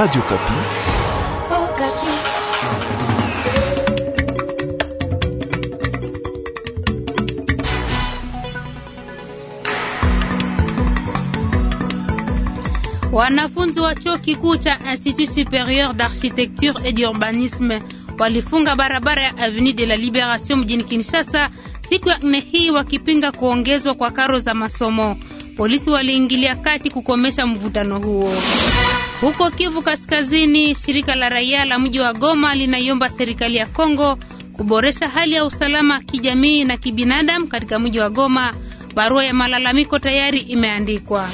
Radio Kapi. Oh, Kapi. Wanafunzi wa chuo kikuu cha Institut Supérieur d'Architecture et d'Urbanisme walifunga barabara ya Avenue de la libération mjini Kinshasa siku ya nne hii wakipinga kuongezwa kwa karo za masomo. Polisi waliingilia kati kukomesha mvutano huo. Huko Kivu Kaskazini, shirika la raia la mji wa Goma linaiomba serikali ya Kongo kuboresha hali ya usalama kijamii na kibinadamu katika mji wa Goma. Barua ya malalamiko tayari imeandikwa.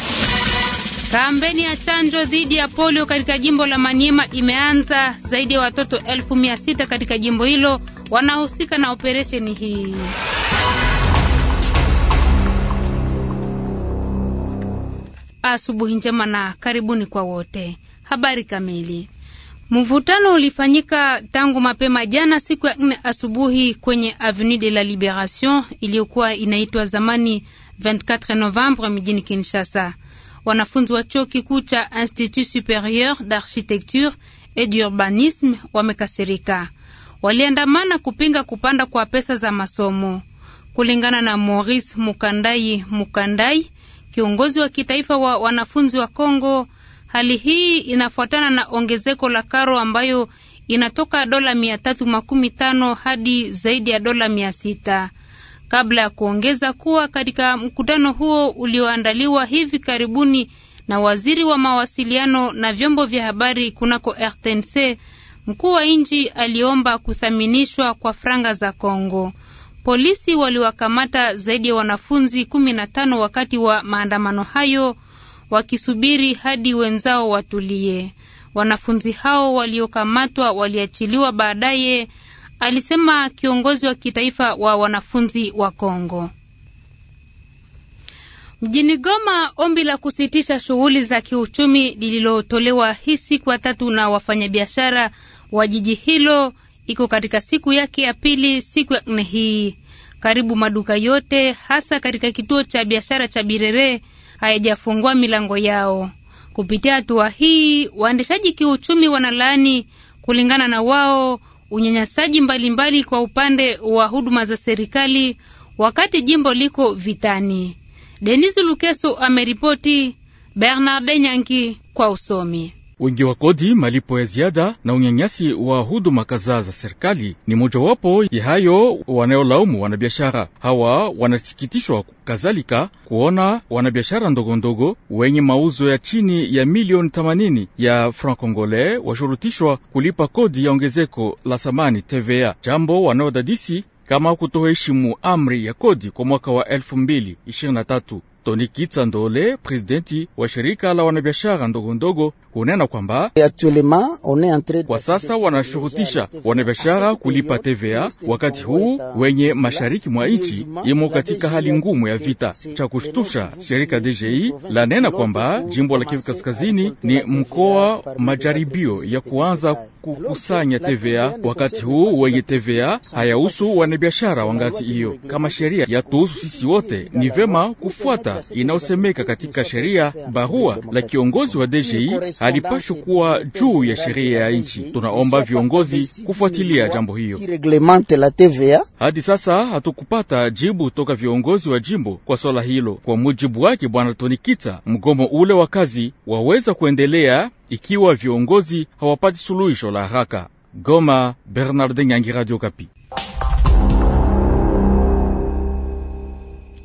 Kampeni ya chanjo dhidi ya polio katika jimbo la Maniema imeanza. Zaidi ya watoto elfu mia sita katika jimbo hilo wanahusika na operesheni hii. Asubuhi njema na karibuni kwa wote. Habari kamili. Mvutano ulifanyika tangu mapema jana siku ya nne asubuhi kwenye Avenue de la Liberation iliyokuwa inaitwa zamani 24 Novembre mjini Kinshasa. Wanafunzi wa chuo kikuu cha Institut Superieur d'Architecture et d'Urbanisme wamekasirika. Waliandamana kupinga kupanda kwa pesa za masomo. Kulingana na Maurice Mukandai Mukandai, kiongozi wa kitaifa wa wanafunzi wa Kongo. Hali hii inafuatana na ongezeko la karo ambayo inatoka dola mia tatu makumi tano hadi zaidi ya dola mia sita kabla ya kuongeza kuwa katika mkutano huo ulioandaliwa hivi karibuni na waziri wa mawasiliano na vyombo vya habari kunako RTNC, mkuu wa nchi aliomba kuthaminishwa kwa franga za Kongo. Polisi waliwakamata zaidi ya wanafunzi kumi na tano wakati wa maandamano hayo, wakisubiri hadi wenzao watulie. Wanafunzi hao waliokamatwa waliachiliwa baadaye, alisema kiongozi wa kitaifa wa wanafunzi wa Kongo. Mjini Goma, ombi la kusitisha shughuli za kiuchumi lililotolewa hii siku ya tatu na wafanyabiashara wa jiji hilo iko katika siku yake ya pili siku ya nne hii. Karibu maduka yote hasa katika kituo cha biashara cha Birere hayajafungua milango yao. Kupitia hatua hii, waendeshaji kiuchumi wanalaani, kulingana na wao, unyanyasaji mbalimbali kwa upande wa huduma za serikali wakati jimbo liko vitani. Denis Lukeso ameripoti, Bernard nyangi kwa usomi Wengi wa kodi, malipo ya ziada na unyanyasi wa huduma kadhaa za serikali ni mojawapo ya hayo wanayolaumu wanabiashara hawa. Wanasikitishwa kadhalika kuona wanabiashara ndogondogo wenye mauzo ya chini ya milioni 80 ya franc congolais washurutishwa kulipa kodi ya ongezeko la thamani TVA, jambo wanayodadisi kama kutoheshimu amri ya kodi kwa mwaka wa 2023. Tony kitsa ndole presidenti wa shirika la wanabiashara ndogondogo, hunena kwamba kwa sasa wanashurutisha wanabiashara kulipa TVA wakati huu wenye mashariki mwa nchi imo katika hali ngumu ya vita. Cha kushtusha, shirika DJI lanena kwamba jimbo la Kivu Kaskazini ni mkoa majaribio ya kuanza kukusanya TVA wakati huu wenye TVA hayahusu wanabiashara wa ngazi hiyo. Kama sheria yatuhusu sisi wote, ni vema kufuata inayosemeka katika sheria. Barua la kiongozi wa DGI alipashwa kuwa juu ya sheria ya nchi. Tunaomba viongozi kufuatilia jambo hiyo. Hadi sasa hatukupata jibu toka viongozi wa jimbo kwa swala hilo. Kwa mujibu wake Bwana Tonikita, mgomo ule wa kazi waweza kuendelea ikiwa viongozi hawapati suluhisho la haraka. Goma, Bernard Nyangi, Radio Kapi.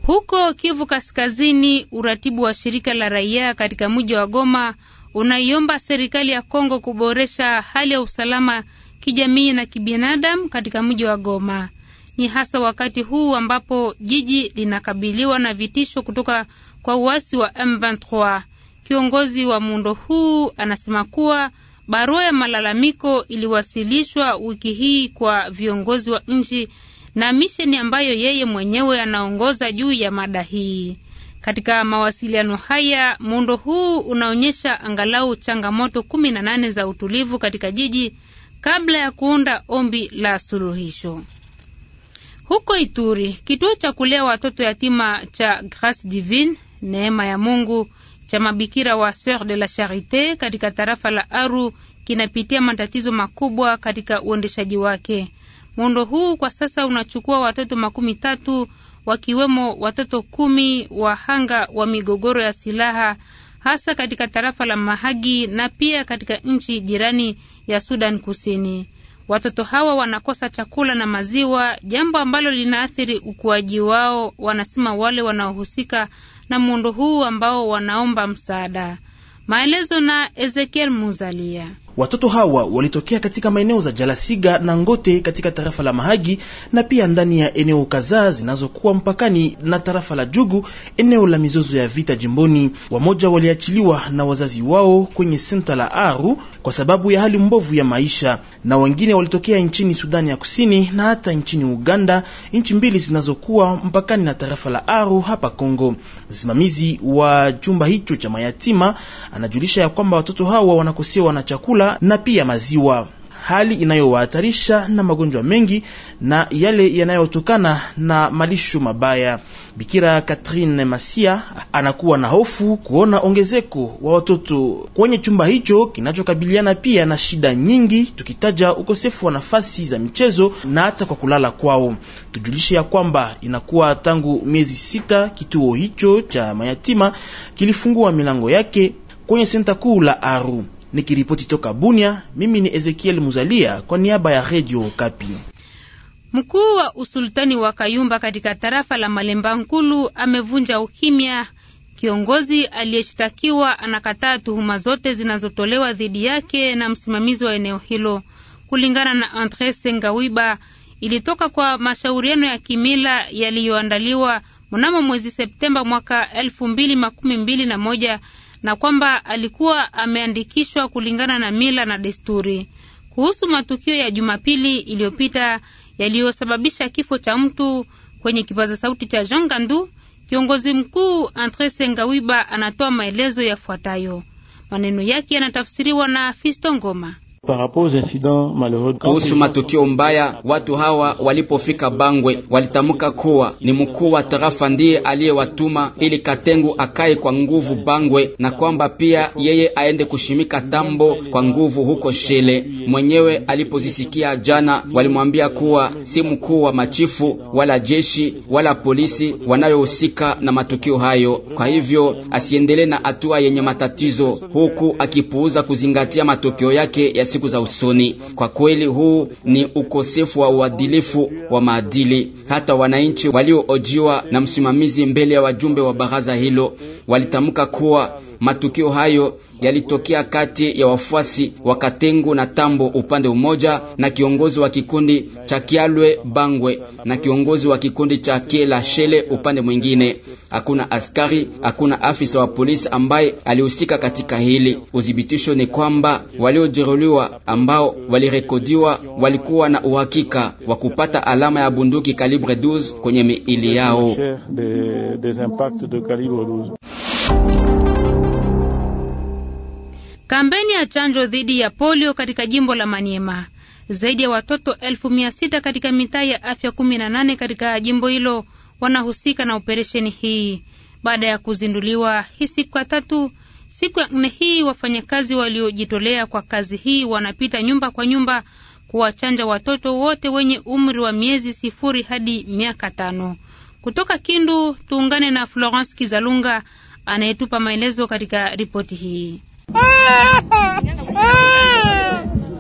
Huko Kivu Kaskazini, uratibu wa shirika la raia katika mji wa Goma unaiomba serikali ya Kongo kuboresha hali ya usalama kijamii na kibinadamu katika mji wa Goma. Ni hasa wakati huu ambapo jiji linakabiliwa na vitisho kutoka kwa uasi wa M23. Kiongozi wa muundo huu anasema kuwa barua ya malalamiko iliwasilishwa wiki hii kwa viongozi wa nchi na misheni ambayo yeye mwenyewe anaongoza juu ya mada hii. Katika mawasiliano haya, muundo huu unaonyesha angalau changamoto kumi na nane za utulivu katika jiji kabla ya kuunda ombi la suluhisho. Huko Ituri, kituo cha kulea watoto yatima cha Grace Divine Neema ya Mungu cha mabikira wa Sœur de la Charite katika tarafa la Aru kinapitia matatizo makubwa katika uendeshaji wake. Muundo huu kwa sasa unachukua watoto makumi tatu wakiwemo watoto kumi wahanga wa migogoro ya silaha hasa katika tarafa la Mahagi na pia katika nchi jirani ya Sudan Kusini. Watoto hawa wanakosa chakula na maziwa, jambo ambalo linaathiri ukuaji wao, wanasema wale wanaohusika na muundo huu ambao wanaomba msaada. Maelezo na Ezekiel Muzalia. Watoto hawa walitokea katika maeneo za Jalasiga na Ngote katika tarafa la Mahagi na pia ndani ya eneo kadhaa zinazokuwa mpakani na tarafa la Jugu, eneo la mizozo ya vita jimboni. Wamoja waliachiliwa na wazazi wao kwenye senta la Aru kwa sababu ya hali mbovu ya maisha, na wengine walitokea nchini Sudani ya Kusini na hata nchini Uganda, nchi mbili zinazokuwa mpakani na tarafa la Aru hapa Kongo. Msimamizi wa chumba hicho cha mayatima anajulisha ya kwamba watoto hawa wanakosewa na chakula na pia maziwa, hali inayowahatarisha na magonjwa mengi na yale yanayotokana na malisho mabaya. Bikira Catherine Masia anakuwa na hofu kuona ongezeko wa watoto kwenye chumba hicho kinachokabiliana pia na shida nyingi, tukitaja ukosefu wa nafasi za michezo na hata kwa kulala kwao. Tujulishe ya kwamba inakuwa tangu miezi sita kituo hicho cha mayatima kilifungua milango yake kwenye senta kuu la Aru. Nikiripoti toka Bunia, mimi ni Ezekiel Muzalia kwa niaba ya Redio Kapi. Mkuu wa usultani wa Kayumba katika tarafa la Malemba Nkulu amevunja ukimya. Kiongozi aliyeshtakiwa anakataa tuhuma zote zinazotolewa dhidi yake na msimamizi wa eneo hilo. Kulingana na Andre Sengawiba, ilitoka kwa mashauriano ya kimila yaliyoandaliwa mnamo mwezi Septemba mwaka elfu mbili makumi mbili na moja na kwamba alikuwa ameandikishwa kulingana na mila na desturi. Kuhusu matukio ya Jumapili iliyopita yaliyosababisha kifo cha mtu, kwenye kipaza sauti cha Jean Gandu, kiongozi mkuu Andre Sengawiba anatoa maelezo yafuatayo. Maneno yake yanatafsiriwa na Fisto Ngoma. Kuhusu matukio mbaya, watu hawa walipofika Bangwe walitamka kuwa ni mkuu wa tarafa ndiye aliyewatuma ili Katengu akae kwa nguvu Bangwe, na kwamba pia yeye aende kushimika tambo kwa nguvu huko Shele. Mwenyewe alipozisikia jana, walimwambia kuwa si mkuu wa machifu wala jeshi wala polisi wanayohusika na matukio hayo, kwa hivyo asiendelee na hatua yenye matatizo, huku akipuuza kuzingatia matokeo yake ya siku za usoni. Kwa kweli, huu ni ukosefu wa uadilifu wa maadili. Hata wananchi walioojiwa na msimamizi mbele ya wajumbe wa baraza hilo walitamka kuwa matukio hayo yalitokea kati ya wafuasi wa Katengu na Tambo upande umoja na kiongozi wa kikundi cha Kialwe Bangwe na kiongozi wa kikundi cha Kiela Shele upande mwingine. Hakuna askari, hakuna afisa wa polisi ambaye alihusika katika hili. Udhibitisho ni kwamba waliojeruhiwa ambao walirekodiwa walikuwa na uhakika wa kupata alama ya bunduki kalibre 12 kwenye miili yao. Kampeni ya chanjo dhidi ya polio katika jimbo la Maniema. Zaidi ya watoto elfu mia sita katika mitaa ya afya kumi na nane katika jimbo hilo wanahusika na operesheni hii. Baada ya kuzinduliwa hii siku ya tatu, siku ya nne hii wafanyakazi waliojitolea kwa kazi hii wanapita nyumba kwa nyumba kuwachanja watoto wote wenye umri wa miezi sifuri hadi miaka tano. Kutoka Kindu tuungane na Florence Kizalunga anayetupa maelezo katika ripoti hii.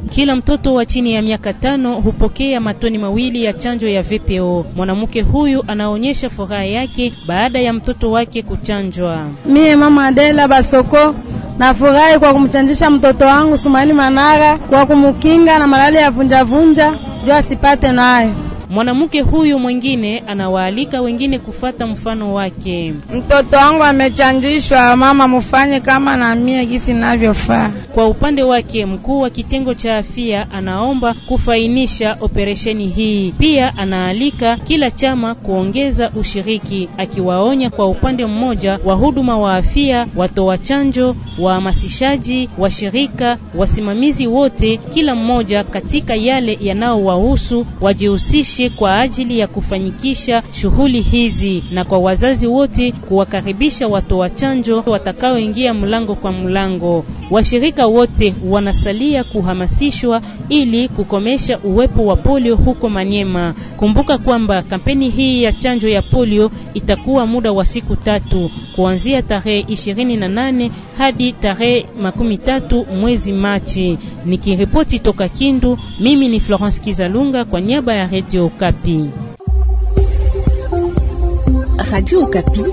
Kila mtoto wa chini ya miaka tano hupokea matoni mawili ya chanjo ya VPO. Mwanamke huyu anaonyesha furaha yake baada ya mtoto wake kuchanjwa. Mie mama Adela Basoko nafurahi kwa kumchanjisha mtoto wangu Sumaili Manara kwa kumukinga na malaria ya vunjavunja juu asipate nayo. Mwanamke huyu mwingine anawaalika wengine kufata mfano wake. Mtoto wangu amechanjishwa, mama mufanye kama na mie gisi navyofaa. Kwa upande wake, mkuu wa kitengo cha afya anaomba kufainisha operesheni hii. Pia anaalika kila chama kuongeza ushiriki, akiwaonya kwa upande mmoja wahuduma wa afya, watoa chanjo, wahamasishaji, washirika, wasimamizi wote, kila mmoja katika yale yanayowahusu wajihusishe chache kwa ajili ya kufanyikisha shughuli hizi, na kwa wazazi wote kuwakaribisha watoa chanjo watakaoingia mlango kwa mlango. Washirika wote wanasalia kuhamasishwa ili kukomesha uwepo wa polio huko Manyema. Kumbuka kwamba kampeni hii ya chanjo ya polio itakuwa muda wa siku tatu kuanzia tarehe 28 hadi tarehe makumi mwezi Machi. Nikiripoti toka Kindu, mimi ni Florence Kizalunga kwa niaba ya Radio Okapi. Radio Okapi.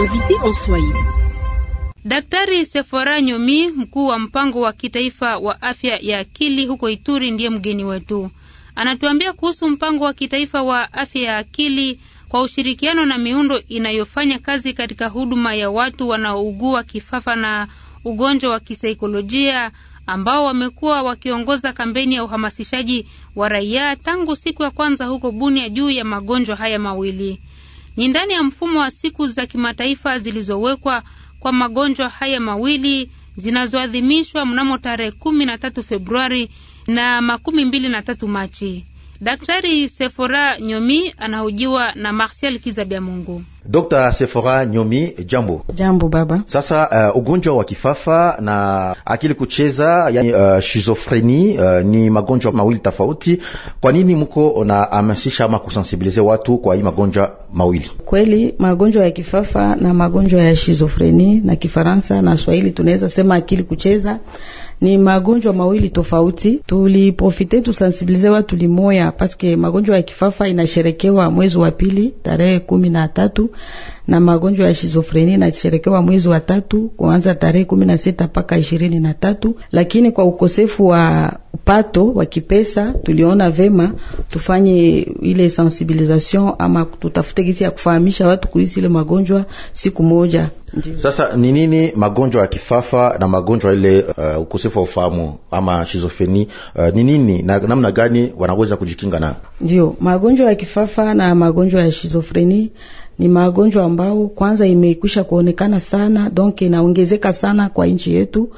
Invité en Swahili. Daktari Sefora Nyomi, mkuu wa mpango wa kitaifa wa afya ya akili huko Ituri, ndiye mgeni wetu. Anatuambia kuhusu mpango wa kitaifa wa afya ya akili kwa ushirikiano na miundo inayofanya kazi katika huduma ya watu wanaougua kifafa na ugonjwa wa kisaikolojia ambao wamekuwa wakiongoza kampeni ya uhamasishaji wa raia tangu siku ya kwanza huko Bunia juu ya magonjwa haya mawili. Ni ndani ya mfumo wa siku za kimataifa zilizowekwa kwa magonjwa haya mawili zinazoadhimishwa mnamo tarehe kumi na tatu Februari na makumi mbili na tatu Machi. Daktari Sefora Nyomi anahojiwa na Marcel Kizabia Mungu. Dr. Sefora Nyomi, jambo. Jambo baba. Sasa uh, ugonjwa wa kifafa na akili kucheza, yani uh, shizofreni uh, ni magonjwa mawili tofauti. Kwa nini mko na hamasisha ama kusensibilize watu kwa hii magonjwa mawili? Kweli magonjwa ya kifafa na magonjwa ya shizofreni, na Kifaransa na Swahili tunaweza sema akili kucheza ni magonjwa mawili tofauti. Tuliprofite tusensibilize watu limoya, paske magonjwa ya kifafa inasherekewa mwezi wa pili tarehe kumi na tatu na magonjwa ya shizofreni inasherekewa mwezi wa tatu kuanza tarehe kumi na sita mpaka ishirini na tatu, lakini kwa ukosefu wa upato wa kipesa, tuliona vema tufanye ile sensibilisation ama tutafute gisi ya kufahamisha watu kuhusu ile magonjwa siku moja. Sasa ni nini magonjwa ya kifafa na magonjwa ile uh, ukosefu wa ufahamu ama shizofreni uh, ni nini na namna gani wanaweza kujikinga nayo? Ndio, magonjwa ya kifafa na magonjwa ya shizofreni ni magonjwa ambao kwanza imekwisha kuonekana sana, donc inaongezeka sana kwa nchi yetu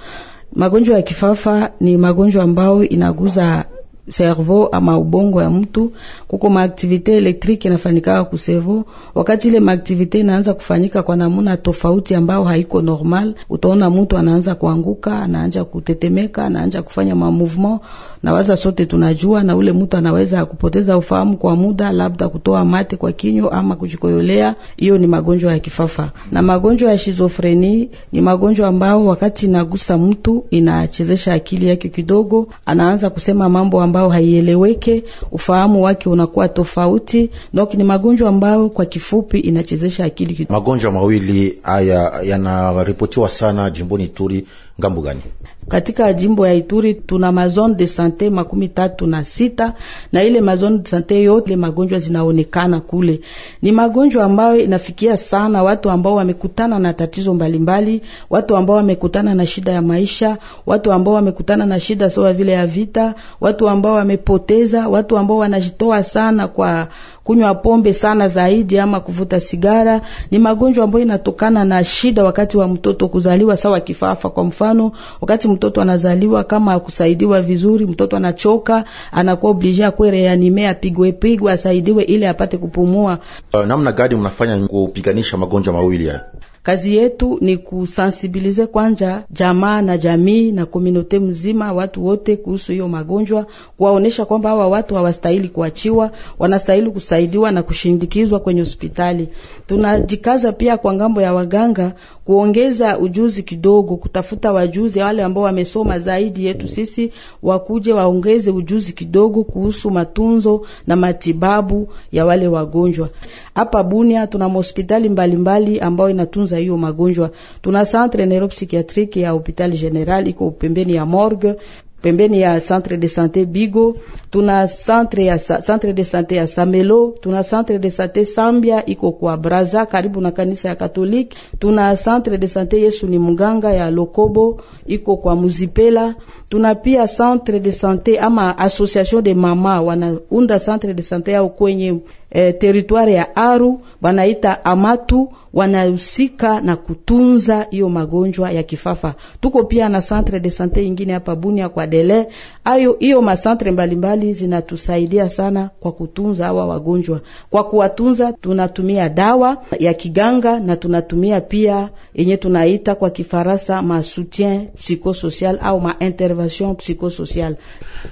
Magonjwa ya kifafa ni magonjwa ambayo inaguza cerveau ama ubongo ya mtu, kuko maaktivite elektrike inafanikaka ku cerveau. Wakati ile maaktivite inaanza kufanyika kwa namuna tofauti ambayo haiko normal, utaona mtu anaanza kuanguka, anaanza kutetemeka, anaanza kufanya ma mouvement. na waza sote tunajua, na ule mtu anaweza kupoteza ufahamu kwa muda, labda kutoa mate kwa kinyo ama kujikoyolea. Hiyo ni magonjwa ya kifafa. Na magonjwa ya shizofreni ni magonjwa ambayo wakati inagusa mtu inachezesha akili yake kidogo, anaanza kusema mambo ambao ambao haieleweke, ufahamu wake unakuwa tofauti. Donc ni magonjwa ambayo kwa kifupi inachezesha akili. Magonjwa mawili haya yanaripotiwa sana jimboni Turi. Ngambo gani? Katika jimbo ya Ituri tuna mazone de sante makumi tatu na sita na ile mazone de sante yote magonjwa zinaonekana kule. Ni magonjwa ambayo inafikia sana watu ambao wamekutana na tatizo mbalimbali mbali, watu ambao wamekutana na shida ya maisha, watu ambao wamekutana na shida sawa vile ya vita, watu ambao wamepoteza, watu ambao wanajitoa sana kwa kunywa pombe sana zaidi ama kuvuta sigara. Ni magonjwa ambayo inatokana na shida wakati wa mtoto kuzaliwa, sawa kifafa. Kwa mfano, wakati mtoto anazaliwa kama akusaidiwa vizuri, mtoto anachoka, anakuwa oblige akwe reanime, apigwe pigwe, asaidiwe ili apate kupumua. Uh, namna gani mnafanya kupiganisha magonjwa mawili haya? Kazi yetu ni kusansibilize kwanja jamaa na jamii na kominote mzima, watu wote kuhusu hiyo magonjwa, kuwaonesha kwamba hawa watu hawastahili kuachiwa, wanastahili kusaidiwa na kushindikizwa kwenye hospitali. Tunajikaza pia kwa ngambo ya waganga kuongeza ujuzi kidogo, kutafuta wajuzi wale ambao wamesoma zaidi yetu sisi, wakuje waongeze ujuzi kidogo kuhusu matunzo na matibabu ya wale wagonjwa. Hapa Bunia tuna hospitali mbalimbali ambayo inatunza hiyo magonjwa. Tuna centre neuropsychiatrique ya hospitali general iko pembeni ya morgue pembeni ya centre de sante Bigo, tuna centre ya centre de sante ya Samelo, tuna centre de sante Sambia iko kwa Braza karibu na kanisa ya Katoliki, tuna centre de sante Yesu ni mganga ya Lokobo iko kwa Muzipela, tuna pia centre de sante ama association de mama wanaunda centre de sante yao kwenye e, teritwari ya Aru wanaita Amatu wanahusika na kutunza hiyo magonjwa ya kifafa. Tuko pia na centre de sante ingine hapa Bunia kwa dele ayo, hiyo masantre mbalimbali zinatusaidia sana kwa kutunza hawa wagonjwa. Kwa kuwatunza, tunatumia dawa ya kiganga na tunatumia pia yenye tunaita kwa Kifaransa masutien psychosocial au ma intervention psychosocial.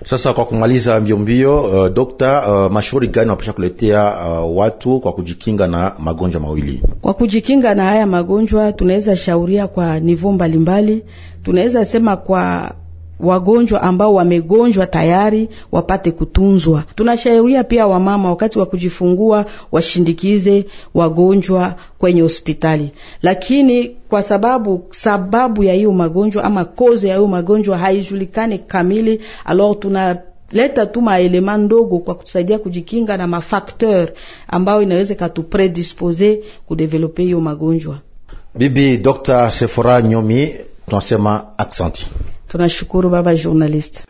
Sasa kwa kumaliza mbiombio mbio, uh, dokta uh, mashauri gani wanapasha kuletea uh, watu kwa kujikinga na magonjwa mawili. Kwa kujikinga na haya magonjwa tunaweza shauria kwa nivo mbalimbali, tunaweza sema kwa wagonjwa ambao wamegonjwa tayari wapate kutunzwa. Tunashauria pia wamama wakati wa kujifungua washindikize wagonjwa kwenye hospitali, lakini kwa sababu sababu ya hiyo magonjwa ama koze ya hiyo magonjwa haijulikani kamili, alors tuna leta tu maelema ndogo kwa kutusaidia kujikinga na mafakteur ambayo inaweza katupredispose kudevelope hiyo magonjwa. Bibi Dr. Sefora Nyomi, tunasema aksanti. Tunashukuru baba journaliste.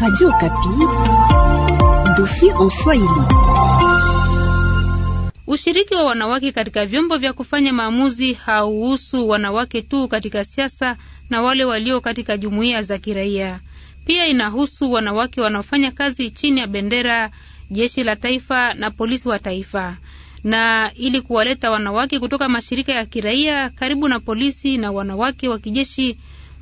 Radio Kapi, dossier en Swahili. Ushiriki wa wanawake katika vyombo vya kufanya maamuzi hauhusu wanawake tu katika siasa na wale walio katika jumuiya za kiraia. Pia inahusu wanawake wanaofanya kazi chini ya bendera, jeshi la taifa na polisi wa taifa. Na ili kuwaleta wanawake kutoka mashirika ya kiraia karibu na polisi na wanawake wa kijeshi,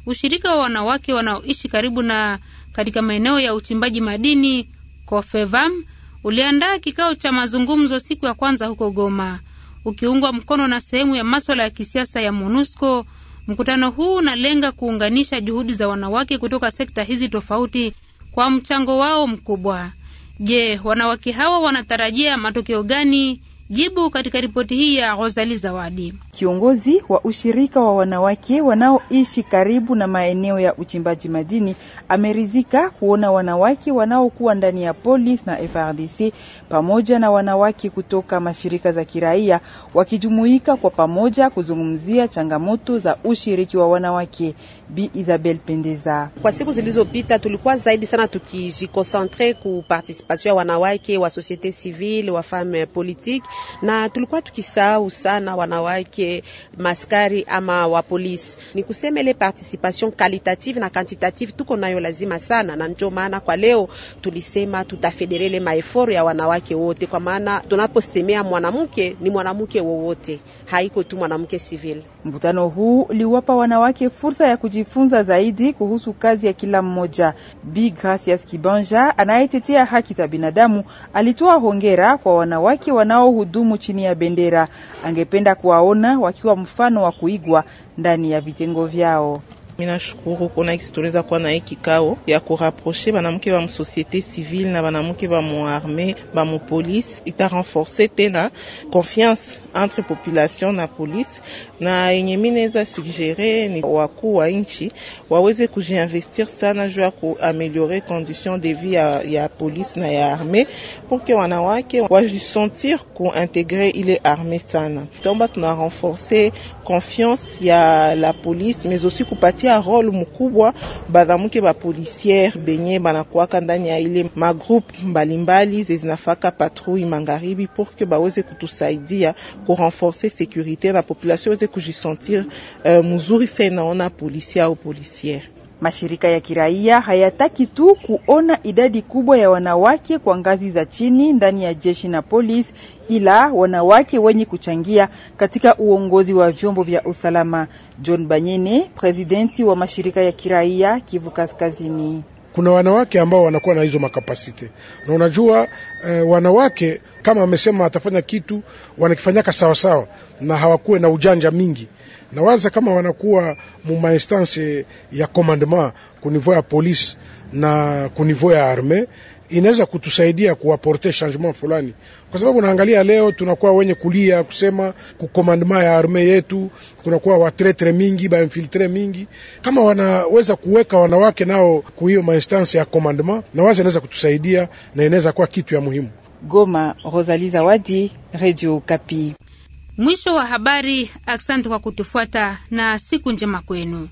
ushirika wa wanawake wanaoishi karibu na katika maeneo ya uchimbaji madini COFEVAM uliandaa kikao cha mazungumzo siku ya kwanza huko Goma ukiungwa mkono na sehemu ya maswala ya kisiasa ya MONUSCO. Mkutano huu unalenga kuunganisha juhudi za wanawake kutoka sekta hizi tofauti kwa mchango wao mkubwa. Je, wanawake hawa wanatarajia matokeo gani? Jibu katika ripoti hii ya Rosali Zawadi. Kiongozi wa ushirika wa wanawake wanaoishi karibu na maeneo ya uchimbaji madini ameridhika kuona wanawake wanaokuwa ndani ya polisi na FRDC pamoja na wanawake kutoka mashirika za kiraia wakijumuika kwa pamoja kuzungumzia changamoto za ushiriki wa wanawake. Bi Isabel Pendeza: kwa siku zilizopita tulikuwa zaidi sana tukijikonsentre ku participation ya wanawake wa societe civile wa femme politique na tulikuwa tukisahau sana wanawake maskari ama wa polisi. Ni kusema ile participation qualitative na quantitative tuko nayo lazima sana, na ndio maana kwa leo tulisema tutafederele maeforo ya wanawake wote, kwa maana tunaposemea mwanamke ni mwanamke wowote, haiko tu mwanamke civil. Mvutano huu uliwapa wanawake fursa ya kujifunza zaidi kuhusu kazi ya kila mmoja. Bi Gracias Kibanja anayetetea haki za binadamu alitoa hongera kwa wanawake wanaohudumu chini ya bendera. Angependa kuwaona wakiwa mfano wa kuigwa ndani ya vitengo vyao. Minashukuru kona ikisi tuliweza kuwa na hii kikao ya kuraproshe banamuke ba musosiete civile na banamuke ba muarme ba mupolisi, itarenforce tena confiance entre population na police na yenye mineza sugere ni wakuu wa nchi waweze kujiinvestir sana juu ya kuameliore condition de vie ya, ya polisi na ya arme porke wanawake wajisentir kuintegre ile arme sana. Tutaomba tuna renforce confiance ya la police, mais aussi kupatia wanatia role mkubwa badhamuke ba policiere benye banakuwaka ndani ya ile magroupe mbalimbali zezinafaka patrouille magharibi porke baweze kutusaidia renforcer sécurité na population weze kujisentir uh, mzuri sana, ona polisia au policiere Mashirika ya kiraia hayataki tu kuona idadi kubwa ya wanawake kwa ngazi za chini ndani ya jeshi na polisi, ila wanawake wenye kuchangia katika uongozi wa vyombo vya usalama. John Banyene, presidenti wa mashirika ya kiraia Kivu Kaskazini. Kuna wanawake ambao wanakuwa na hizo makapasite na unajua eh, wanawake kama amesema atafanya kitu wanakifanyaka sawasawa, na hawakuwe na ujanja mingi Nawaza kama wanakuwa muma instance ya commandement kunivou ya police na kunivou ya arme inaweza kutusaidia kuaporte changement fulani, kwa sababu naangalia leo tunakuwa wenye kulia kusema kukomandema ya arme yetu, kunakuwa watretre mingi bainfiltre mingi. Kama wanaweza kuweka wanawake nao kuhiyo mainstance ya commandement, na waza inaweza kutusaidia na inaweza kuwa kitu ya muhimu. Goma, Rosalie Zawadi, Radio Kapi. Mwisho wa habari. Asante kwa kutufuata na siku njema kwenu.